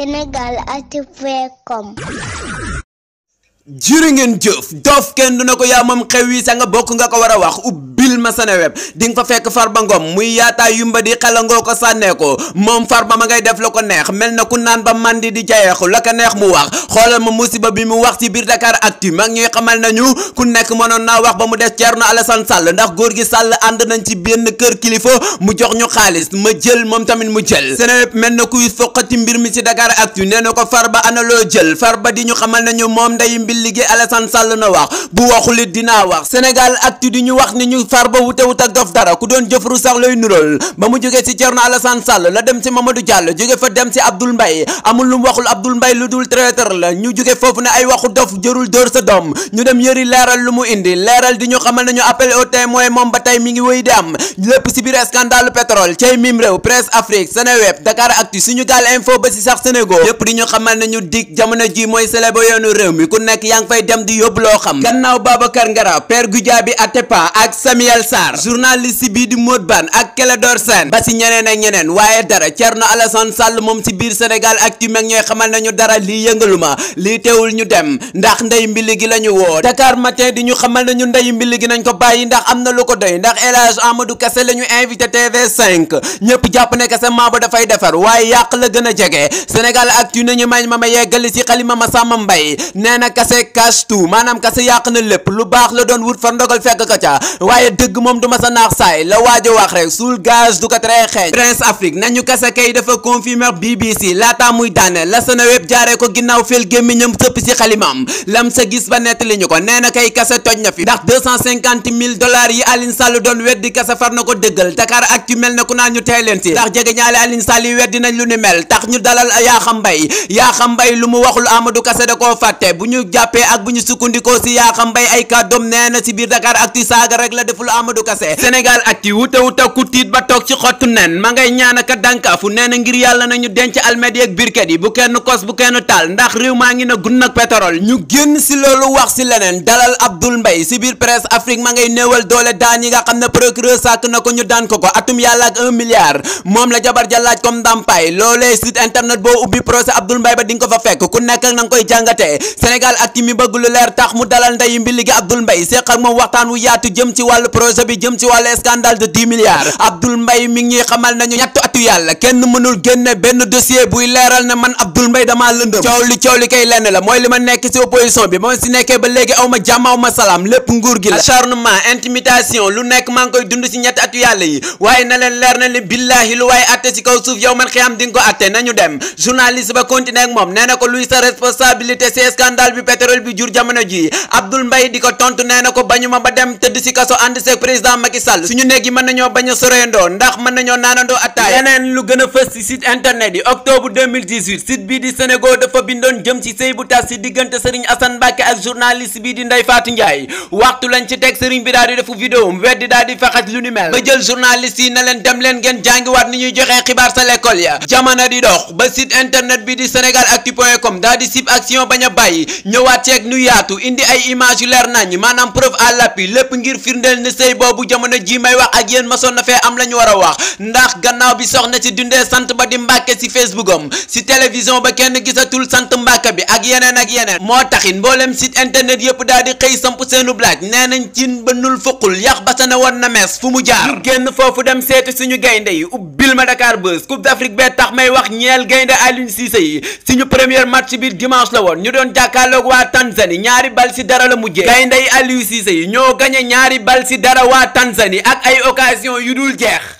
senegalactu.com jërë ngeen jëf doof kenn du ko yaa moom xew yi sa bokk nga ko war a wax ubbil ma web ding fa fek farba ngom muy yaata yumba di xelangoo ko sànnee ko moom farba ma ngay def lako neex melna ku nan ba mandi di jayexu la ko neex mu wax xolal ma musiba bi mu wax ci bir Dakar Actu mag ñuy xamal nañu ku nekk mënoon na wax ba mu des cierno Alassane Sall ndax gor gi Sall and nañ ci ben keur kilifa mu jox ñu xaliss ma jël mom tamit mu jël sene web melna ku fokati mbir mi ci Dakar Actu neena na ko farba ana lo jël farba di ñu xamal nañu mom nday mbil liggéey Alassane Sall na wax bu waxul dina wax senegal Actu di ñu wax ni ñu xabaar ba wutewut ak dof dara ku doon jëfru sax lay nural ba mu jógee ci Thierno Alassane Sall la dem ci Mamadou Diallo jóge fa dem ci Abdoul Mbaye amul lu mu waxul Abdoul Mbaye lu dul traiteur la ñu jóge foofu ne ay waxu dof jërul dóor sa doom ñu dem yëri leeral lu mu indi leeral di ñu xamal nañu appel au témoin moom ba tey mi ngi wéy di am lépp ci biir scandale pétrole cay mim réew presse Afrique Seneweb Dakar Actu suñu gaal info ba ci sax Sénégal Daniel Sarr journaliste bii di Modou Bane ak Clédor Sène ba si ñeneen ak ñeneen waaye dara Thierno Alassane Sall moom si biir Sénégal ak ci meeg ñooy xamal nañu dara lii yëngalu ma lii ñu dem ndax ndey mbili gi la ñu woo Dakar matin di ñu xamal nañu ndey mbili gi nañ ko bàyyi ndax am na lu ko doy ndax El Hadj Amadou Kassé la ñu invité TV5 ñëpp jàpp ne Kassé Mabo dafay defar waaye yàq la gën a jege Sénégal ak ci nañu mañ ma ma yeggali si xalima ma Samba Mbaye nee na Kassé cash tout maanaam kase yàq na lépp lu baax la doon wut far ndogal fekk ka ca waaye dëgg moom du ma sa naax saay la waajo wax rek suul gaz du ko tere xeeñ Prince Afrique nañu kasa kay dafa confirmer BBC laata muy daane la sana web jaaree ko ginnaaw fil gémmiñam sëpp si xalimaam lam sa gis ba nettali ko nee kay kasa toj na fi ndax 250 yi Aline Sall doon weddi kasa far na ko dëggal Dakar ak mel na ku naan ñu tey si ndax jege ñaale Aline yi weddi nañ lu ni mel tax ñu dalal Yakham Mbaye Yakham Mbaye lu mu waxul Amadou Kase Amadou Kassé Sénégal ak ti wuta wuta ku tiit ba toog ci xottu nen ma ngay ñaanaka dànkaafu nee na ngir yàlla nañu denc almet yeeg birket yi bu kenn kos bu kenn taal ndax réew maa ngi na gun ak pétrole ñu génn si loolu wax si leneen dalal Abdoul Mbaye si biir Afrique ma ngay néewal doole daan yi nga xam ne procureur sàkk na ko ñu daan ko ko atum yàlla ak un milliard moom la jabar ja laaj comme ndàmpaay loolee site internet boo ubbi procès Abdoul Mbaye ko fa fekk ku nekk na nga koy jàngatee Sénégal ak projet bi jëm ci wàllu scandale de 10 milliards Abdoul Mbaye mi ngi ñuy xamal nañu ñettu atu yàlla kenn mënul génne benn dossier buy leeral ne man Abdoul Mbaye damaa lëndëm coow li coow li kay lenn la mooy li ma nekk ci opposition bi moom si nekkee ba léegi aw ma jàmm aw ma salaam lépp nguur gi la acharnement intimidation lu nekk maa ngi koy dund ci ñetti atu yàlla yi waaye na leen leer na li billahi lu waaye atte ci kaw suuf yow man xiyam di ko atte nañu dem journaliste ba continuer ak moom ji ko ba dem ànd seeg président Macky suñu néeg yi mën nañoo bañ a soreyandoo ndax mën nañoo naanandoo attaay leneen lu gën fës ci site internet yi octobre site bii di Sénégal ak journaliste bii di Ndeye Fatou Ndiaye waxtu lañ ci teg nu yaatu indi ay image yu leer nañ maanaam preuve à l'appui lépp ngir firndeel benn sëy boobu jamono ji may wax ak yéen masoon na fee am la ñu a wax ndax gannaaw bi soxna si dundee sant ba di mbàkke si facebook am si télévision ba kenn gisatul sant mbàkke bi ak yeneen ak yeneen moo taxit mboolem site internet yëpp daal di xëy samp seenu blaaj nee nañ cin ba nul fuqul yax ba sana woon na mees fu mu jaar ñu génn foofu dem seeti suñu gaynde yi ubbil ma Dakar Buzz coupe d'Afrique bee tax may wax ñeel gaynde Aliou Cissé yi suñu premier match bi dimanche la woon ñu doon jàkkaarloog waa Tanzanie ñaari bal si dara la mujjee gaynde Aliou Cissé yi dara waa Tanzanie ak ay occasion yu dul jeex